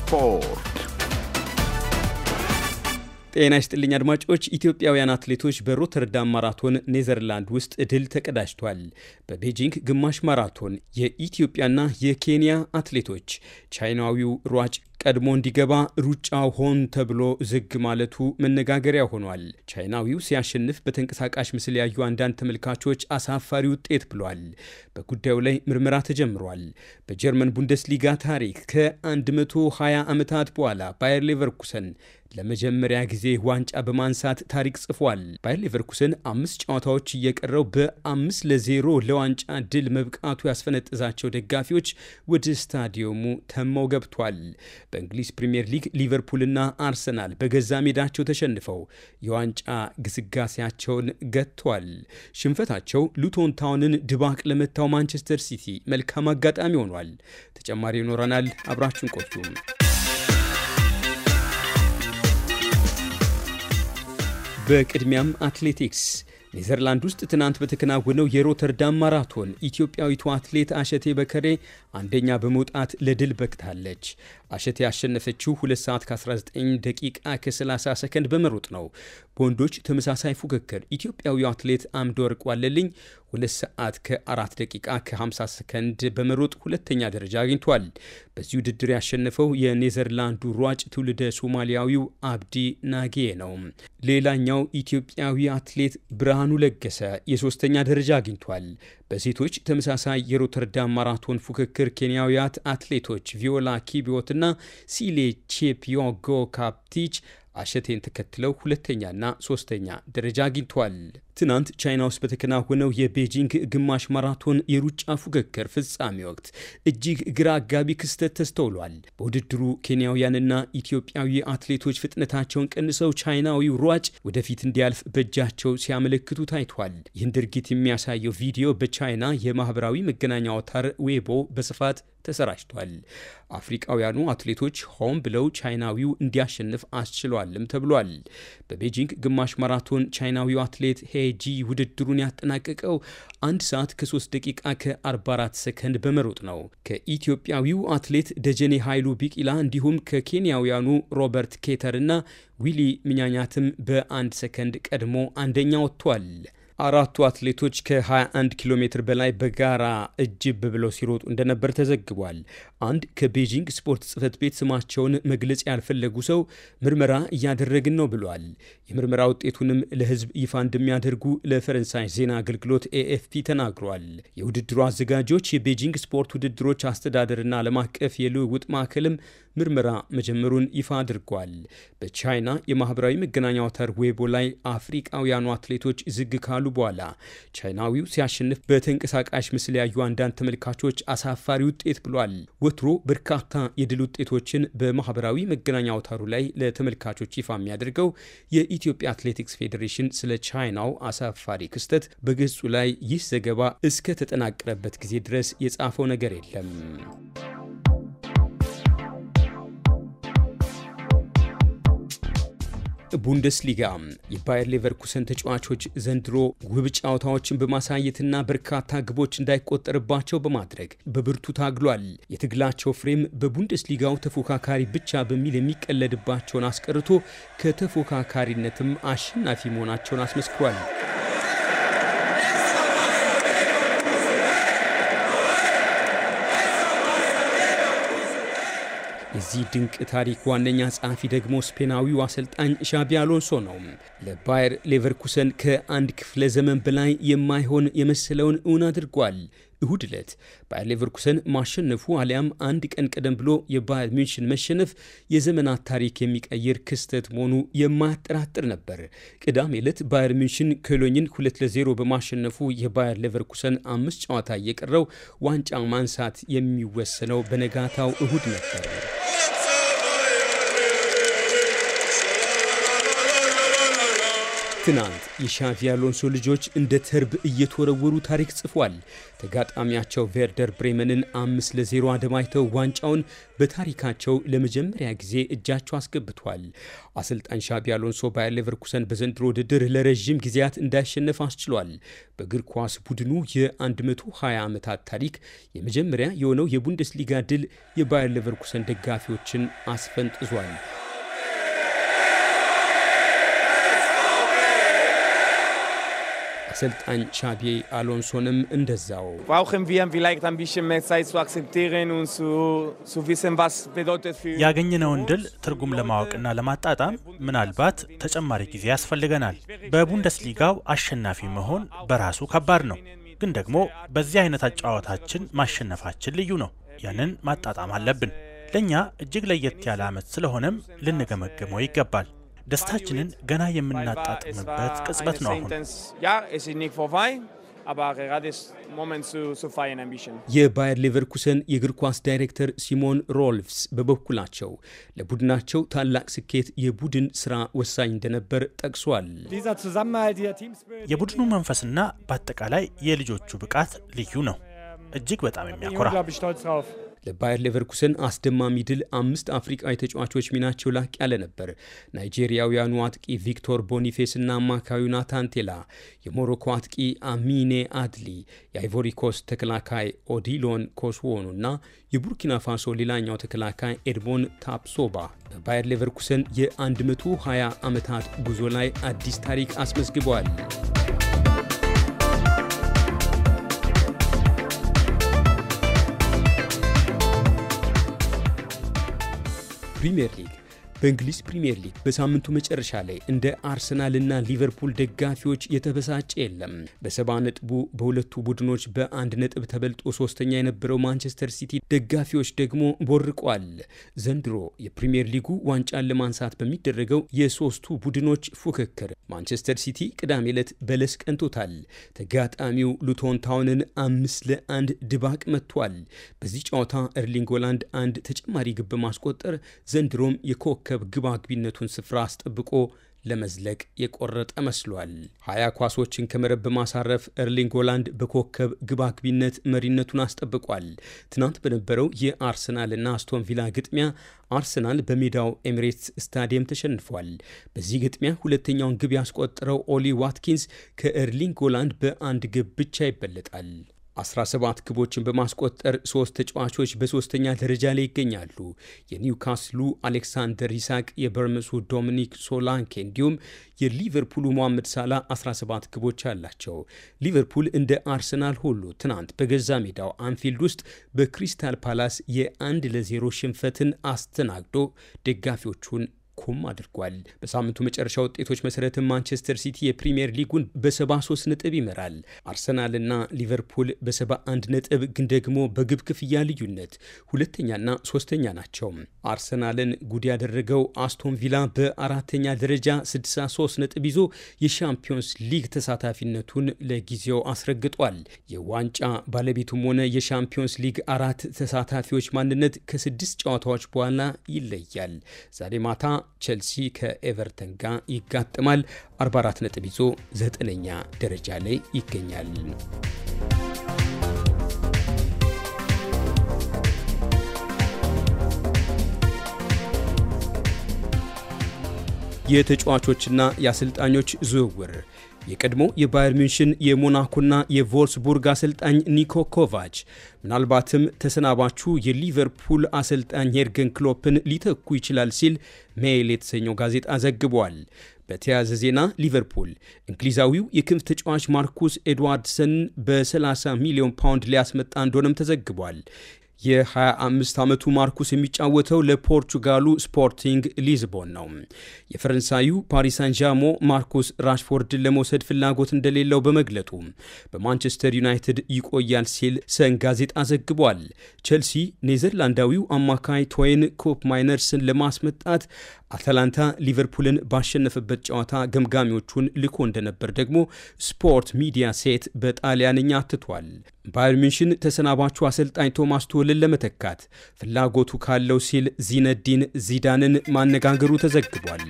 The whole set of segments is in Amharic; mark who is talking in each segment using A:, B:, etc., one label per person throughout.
A: ስፖርት። ጤና ይስጥልኝ አድማጮች። ኢትዮጵያውያን አትሌቶች በሮተርዳም ማራቶን ኔዘርላንድ ውስጥ ድል ተቀዳጅቷል። በቤጂንግ ግማሽ ማራቶን የኢትዮጵያና የኬንያ አትሌቶች ቻይናዊው ሯጭ ቀድሞ እንዲገባ ሩጫው ሆን ተብሎ ዝግ ማለቱ መነጋገሪያ ሆኗል። ቻይናዊው ሲያሸንፍ በተንቀሳቃሽ ምስል ያዩ አንዳንድ ተመልካቾች አሳፋሪ ውጤት ብሏል። በጉዳዩ ላይ ምርመራ ተጀምሯል። በጀርመን ቡንደስሊጋ ታሪክ ከ120 ዓመታት በኋላ ባየር ሌቨርኩሰን ለመጀመሪያ ጊዜ ዋንጫ በማንሳት ታሪክ ጽፏል። ባየር ሌቨርኩሰን አምስት ጨዋታዎች እየቀረው በአምስት ለዜሮ ለዋንጫ ድል መብቃቱ ያስፈነጠዛቸው ደጋፊዎች ወደ ስታዲየሙ ተመው ገብቷል። በእንግሊዝ ፕሪምየር ሊግ ሊቨርፑልና አርሰናል በገዛ ሜዳቸው ተሸንፈው የዋንጫ ግስጋሴያቸውን ገጥቷል። ሽንፈታቸው ሉቶን ታውንን ድባቅ ለመታው ማንቸስተር ሲቲ መልካም አጋጣሚ ሆኗል። ተጨማሪ ይኖረናል። አብራችን ቆዩም በቅድሚያም አትሌቲክስ ኔዘርላንድ ውስጥ ትናንት በተከናወነው የሮተርዳም ማራቶን ኢትዮጵያዊቱ አትሌት አሸቴ በከሬ አንደኛ በመውጣት ለድል በቅታለች። አሸቴ ያሸነፈችው 2 ሰዓት ከ19 ደቂቃ ከ30 ሰከንድ በመሮጥ ነው። በወንዶች ተመሳሳይ ፉክክር ኢትዮጵያዊው አትሌት አምደ ዋለልኝ ሁለት ሰዓት ከአራት ደቂቃ ከ50 ሰከንድ በመሮጥ ሁለተኛ ደረጃ አግኝቷል። በዚህ ውድድር ያሸነፈው የኔዘርላንዱ ሯጭ ትውልደ ሶማሊያዊው አብዲ ናጌ ነው። ሌላኛው ኢትዮጵያዊ አትሌት ብርሃኑ ለገሰ የሶስተኛ ደረጃ አግኝቷል። በሴቶች ተመሳሳይ የሮተርዳም ማራቶን ፉክክር ኬንያውያት አትሌቶች ቪዮላ ኪቢዮትና ሲሌ ቼፒዮጎ ካፕቲች አሸቴን ተከትለው ሁለተኛና ሶስተኛ ደረጃ አግኝቷል። ትናንት ቻይና ውስጥ በተከናወነው የቤጂንግ ግማሽ ማራቶን የሩጫ ፉክክር ፍጻሜ ወቅት እጅግ ግራ አጋቢ ክስተት ተስተውሏል። በውድድሩ ኬንያውያንና ኢትዮጵያዊ አትሌቶች ፍጥነታቸውን ቀንሰው ቻይናዊው ሯጭ ወደፊት እንዲያልፍ በእጃቸው ሲያመለክቱ ታይቷል። ይህን ድርጊት የሚያሳየው ቪዲዮ በቻይና የማህበራዊ መገናኛ አውታር ዌቦ በስፋት ተሰራጭቷል። አፍሪቃውያኑ አትሌቶች ሆም ብለው ቻይናዊው እንዲያሸንፍ አስችሏልም ተብሏል። በቤጂንግ ግማሽ ማራቶን ቻይናዊው አትሌት ሄ ኤጂ ውድድሩን ያጠናቀቀው አንድ ሰዓት ከ3 ደቂቃ ከ44 ሰከንድ በመሮጥ ነው። ከኢትዮጵያዊው አትሌት ደጀኔ ኃይሉ ቢቂላ እንዲሁም ከኬንያውያኑ ሮበርት ኬተር እና ዊሊ ምኛኛትም በአንድ ሰከንድ ቀድሞ አንደኛ ወጥቷል። አራቱ አትሌቶች ከ21 ኪሎ ሜትር በላይ በጋራ እጅብ ብለው ሲሮጡ እንደነበር ተዘግቧል። አንድ ከቤጂንግ ስፖርት ጽፈት ቤት ስማቸውን መግለጽ ያልፈለጉ ሰው ምርመራ እያደረግን ነው ብሏል። የምርመራ ውጤቱንም ለህዝብ ይፋ እንደሚያደርጉ ለፈረንሳይ ዜና አገልግሎት ኤኤፍፒ ተናግሯል። የውድድሩ አዘጋጆች የቤጂንግ ስፖርት ውድድሮች አስተዳደርና ዓለም አቀፍ የልውውጥ ማዕከልም ምርመራ መጀመሩን ይፋ አድርጓል። በቻይና የማህበራዊ መገናኛ አውታር ዌቦ ላይ አፍሪቃውያኑ አትሌቶች ዝግ ካሉ በኋላ ቻይናዊው ሲያሸንፍ በተንቀሳቃሽ ምስል ያዩ አንዳንድ ተመልካቾች አሳፋሪ ውጤት ብሏል። ወትሮ በርካታ የድል ውጤቶችን በማህበራዊ መገናኛ አውታሩ ላይ ለተመልካቾች ይፋ የሚያደርገው የኢትዮጵያ አትሌቲክስ ፌዴሬሽን ስለ ቻይናው አሳፋሪ ክስተት በገጹ ላይ ይህ ዘገባ እስከተጠናቀረበት ጊዜ ድረስ የጻፈው ነገር የለም። ቡንደስሊጋ የባየር ሌቨርኩሰን ተጫዋቾች ዘንድሮ ውብ ጨዋታዎችን በማሳየትና በርካታ ግቦች እንዳይቆጠርባቸው በማድረግ በብርቱ ታግሏል። የትግላቸው ፍሬም በቡንደስሊጋው ተፎካካሪ ብቻ በሚል የሚቀለድባቸውን አስቀርቶ ከተፎካካሪነትም አሸናፊ መሆናቸውን አስመስክሯል። የዚህ ድንቅ ታሪክ ዋነኛ ጸሐፊ ደግሞ ስፔናዊው አሰልጣኝ ሻቢ አሎንሶ ነው። ለባየር ሌቨርኩሰን ከአንድ ክፍለ ዘመን በላይ የማይሆን የመሰለውን እውን አድርጓል። እሁድ ዕለት ባየር ሌቨርኩሰን ማሸነፉ አሊያም አንድ ቀን ቀደም ብሎ የባየር ሚንሽን መሸነፍ የዘመናት ታሪክ የሚቀይር ክስተት መሆኑ የማያጠራጥር ነበር። ቅዳሜ ዕለት ባየር ሚንሽን ኮሎኝን ሁለት ለዜሮ በማሸነፉ የባየር ሌቨርኩሰን አምስት ጨዋታ እየቀረው ዋንጫ ማንሳት የሚወሰነው በነጋታው እሁድ ነበር። ትናንት የሻቪ አሎንሶ ልጆች እንደ ተርብ እየተወረወሩ ታሪክ ጽፏል። ተጋጣሚያቸው ቬርደር ብሬመንን አምስት ለዜሮ አደማይተው ዋንጫውን በታሪካቸው ለመጀመሪያ ጊዜ እጃቸው አስገብቷል። አሰልጣኝ ሻቪ አሎንሶ ባየር ሌቨርኩሰን በዘንድሮ ውድድር ለረዥም ጊዜያት እንዳይሸነፍ አስችሏል። በእግር ኳስ ቡድኑ የ120 ዓመታት ታሪክ የመጀመሪያ የሆነው የቡንደስሊጋ ድል የባየር ሌቨርኩሰን ደጋፊዎችን አስፈንጥዟል። አሰልጣኝ ሻቢ አሎንሶንም እንደዛው ያገኘነውን ድል ትርጉም ለማወቅና ለማጣጣም ምናልባት ተጨማሪ ጊዜ ያስፈልገናል። በቡንደስሊጋው አሸናፊ መሆን በራሱ ከባድ ነው፣ ግን ደግሞ በዚህ አይነት አጫዋታችን ማሸነፋችን ልዩ ነው። ያንን ማጣጣም አለብን። ለእኛ እጅግ ለየት ያለ ዓመት ስለሆነም ልንገመግመው ይገባል። ደስታችንን ገና የምናጣጥምበት ቅጽበት ነው አሁን። የባየር ሌቨርኩሰን የእግር ኳስ ዳይሬክተር ሲሞን ሮልፍስ በበኩላቸው ለቡድናቸው ታላቅ ስኬት የቡድን ስራ ወሳኝ እንደነበር ጠቅሷል። የቡድኑ መንፈስና በአጠቃላይ የልጆቹ ብቃት ልዩ ነው፣ እጅግ በጣም የሚያኮራ ለባየር ሌቨርኩሰን አስደማሚ ድል አምስት አፍሪቃዊ ተጫዋቾች ሚናቸው ላቅ ያለ ነበር። ናይጄሪያውያኑ አጥቂ ቪክቶር ቦኒፌስ እና አማካዩ ናታንቴላ፣ የሞሮኮ አጥቂ አሚኔ አድሊ፣ የአይቮሪኮስ ተከላካይ ኦዲሎን ኮስዎኑ እና የቡርኪና ፋሶ ሌላኛው ተከላካይ ኤድሞን ታፕሶባ በባየር ሌቨርኩሰን የ120 ዓመታት ጉዞ ላይ አዲስ ታሪክ አስመዝግበዋል። Premier League. በእንግሊዝ ፕሪምየር ሊግ በሳምንቱ መጨረሻ ላይ እንደ አርሰናልና ሊቨርፑል ደጋፊዎች የተበሳጨ የለም። በሰባ ነጥቡ በሁለቱ ቡድኖች በአንድ ነጥብ ተበልጦ ሶስተኛ የነበረው ማንቸስተር ሲቲ ደጋፊዎች ደግሞ ቦርቋል። ዘንድሮ የፕሪምየር ሊጉ ዋንጫን ለማንሳት በሚደረገው የሶስቱ ቡድኖች ፉክክር ማንቸስተር ሲቲ ቅዳሜ ዕለት በለስ ቀንቶታል። ተጋጣሚው ሉቶን ታውንን አምስት ለአንድ ድባቅ መጥቷል። በዚህ ጨዋታ ኤርሊንግ ሆላንድ አንድ ተጨማሪ ግብ ማስቆጠር ዘንድሮም የኮክ ኮከብ ግባግቢነቱን ስፍራ አስጠብቆ ለመዝለቅ የቆረጠ መስሏል። ሀያ ኳሶችን ከመረብ በማሳረፍ ኤርሊንግ ሆላንድ በኮከብ ግባግቢነት መሪነቱን አስጠብቋል። ትናንት በነበረው የአርሰናልና አስቶን ቪላ ግጥሚያ አርሰናል በሜዳው ኤሚሬትስ ስታዲየም ተሸንፏል። በዚህ ግጥሚያ ሁለተኛውን ግብ ያስቆጠረው ኦሊ ዋትኪንስ ከኤርሊንግ ሆላንድ በአንድ ግብ ብቻ ይበለጣል። 17 ግቦችን በማስቆጠር ሶስት ተጫዋቾች በሶስተኛ ደረጃ ላይ ይገኛሉ። የኒውካስሉ አሌክሳንደር ኢሳቅ፣ የበርምሱ ዶሚኒክ ሶላንኬ እንዲሁም የሊቨርፑሉ ሞሐመድ ሳላ 17 ግቦች አላቸው። ሊቨርፑል እንደ አርሰናል ሁሉ ትናንት በገዛ ሜዳው አንፊልድ ውስጥ በክሪስታል ፓላስ የአንድ ለዜሮ ሽንፈትን አስተናግዶ ደጋፊዎቹን ኩም አድርጓል። በሳምንቱ መጨረሻ ውጤቶች መሰረትም ማንቸስተር ሲቲ የፕሪምየር ሊጉን በ73 ነጥብ ይመራል። አርሰናልና ሊቨርፑል በ71 ነጥብ ግን ደግሞ በግብ ክፍያ ልዩነት ሁለተኛና ሶስተኛ ናቸው። አርሰናልን ጉድ ያደረገው አስቶን ቪላ በአራተኛ ደረጃ 63 ነጥብ ይዞ የሻምፒዮንስ ሊግ ተሳታፊነቱን ለጊዜው አስረግጧል። የዋንጫ ባለቤቱም ሆነ የሻምፒዮንስ ሊግ አራት ተሳታፊዎች ማንነት ከስድስት ጨዋታዎች በኋላ ይለያል። ዛሬ ማታ ቼልሲ ከኤቨርተን ጋር ይጋጥማል። 44 ነጥብ ይዞ ዘጠነኛ ደረጃ ላይ ይገኛል። የተጫዋቾችና የአሰልጣኞች ዝውውር የቀድሞ የባየር ሚንሽን የሞናኮና የቮልስቡርግ አሰልጣኝ ኒኮ ኮቫች ምናልባትም ተሰናባቹ የሊቨርፑል አሰልጣኝ የርገን ክሎፕን ሊተኩ ይችላል ሲል ሜይል የተሰኘው ጋዜጣ ዘግቧል። በተያያዘ ዜና ሊቨርፑል እንግሊዛዊው የክንፍ ተጫዋች ማርኩስ ኤድዋርድሰን በ30 ሚሊዮን ፓውንድ ሊያስመጣ እንደሆነም ተዘግቧል። የ25 ዓመቱ ማርኩስ የሚጫወተው ለፖርቹጋሉ ስፖርቲንግ ሊዝቦን ነው። የፈረንሳዩ ፓሪሳን ዣሞ ማርኩስ ራሽፎርድን ለመውሰድ ፍላጎት እንደሌለው በመግለጡ በማንቸስተር ዩናይትድ ይቆያል ሲል ሰን ጋዜጣ ዘግቧል። ቼልሲ ኔዘርላንዳዊው አማካይ ቶይን ኮፕ ማይነርስን ለማስመጣት አታላንታ ሊቨርፑልን ባሸነፈበት ጨዋታ ገምጋሚዎቹን ልኮ እንደነበር ደግሞ ስፖርት ሚዲያ ሴት በጣሊያንኛ አትቷል። ባየር ሚንሽን ተሰናባቹ አሰልጣኝ ቶማስ ቶልን ለመተካት ፍላጎቱ ካለው ሲል ዚነዲን ዚዳንን ማነጋገሩ ተዘግቧል።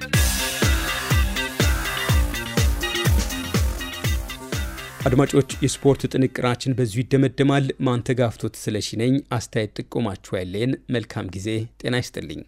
A: አድማጮች፣ የስፖርት ጥንቅራችን በዚሁ ይደመደማል። ማንተጋፍቶት ስለሺ ነኝ። አስተያየት ጥቆማችሁ ያለን። መልካም ጊዜ። ጤና ይስጥልኝ።